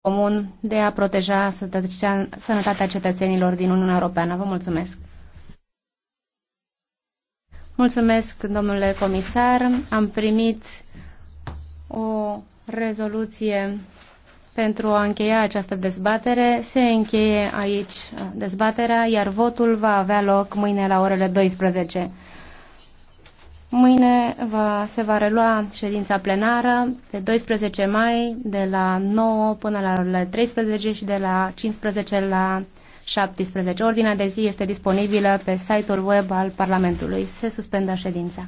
comun de a proteja sănătatea cetățenilor din Uniunea Europeană. Vă mulțumesc! Mulțumesc, domnule comisar. Am primit o rezoluție pentru a încheia această dezbatere. Se încheie aici dezbaterea, iar votul va avea loc mâine la orele 12. Mâine va, se va relua ședința plenară pe 12 mai de la 9 până la 13 și de la 15 la 17. Ordinea de zi este disponibilă pe site-ul web al Parlamentului. Se suspendă ședința.